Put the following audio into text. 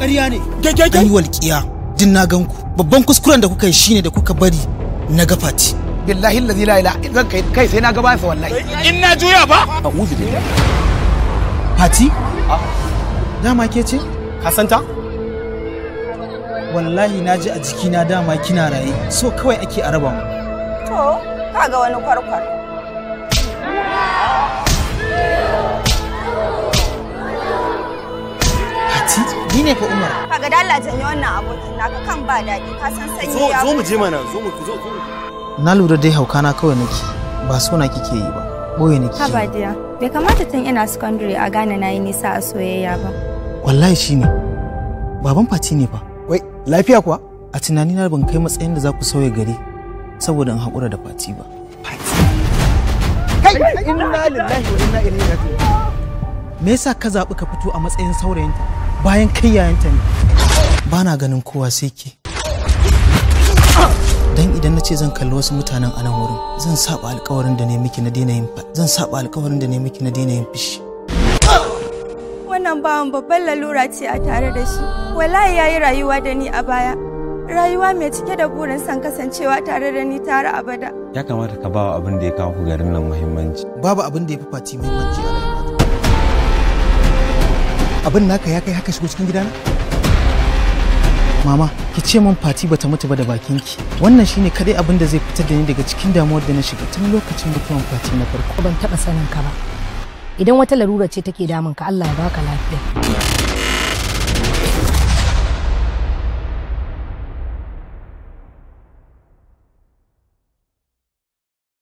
ƙarya ne an Ai walƙiya din na ganku babban kuskuren da kuka yi shine da kuka bari na ga fati billahi lazi la ila zan kai kai sai na ga bayansa wallahi in na juya ba a'udhu billahi fati ah. dama ke ce ka san wallahi na ji a jikina dama kina raye so kawai ake araba mu to kaga wani kwarkwar ne fa Umar. Ka ga Allah janye wannan abokin naka kan ba daɗi ka san sanyi ya. Zo mu je mana zo mu zo zo. Na lura dai hauka na kawai nake ba sona kike yi ba. Boye nake. ba dia. bai kamata tun ina secondary a gane na yi nisa a soyayya ba. Wallahi shine baban Fati ne fa. Wai lafiya kuwa? A tunanina ban kai matsayin da za ku sauya gari saboda in haƙura da Fati ba. kai inna lillahi wa inna ilaihi raji'un me yasa ka zabi ka fito a matsayin saurayinta bayan kai yayanta ne ba na ganin kowa sai ke dan idan na ce zan kalli wasu mutanen anan wurin zan saba alkawarin da ne miki na daina yin zan saba alkawarin da ne miki na daina yin fishi wannan bawan babban lalura ce a tare da shi wallahi yayi rayuwa da ni a baya rayuwa mai cike da burin san kasancewa tare da ni tare abada. Ya kamata ka bawa abin da ya kawo ku garin nan muhimmanci. Babu abin da ya fi fati muhimmanci a abin naka ya kai haka shigo cikin gidana mama ki ce min fati bata mutu ba da bakin ki. wannan shine kadai abin da zai fitar da ni daga cikin damuwar da na shiga tun lokacin mutuwan fati na farko ban taba sanin ka ba idan wata larura ce take damun ka Allah ya baka lafiya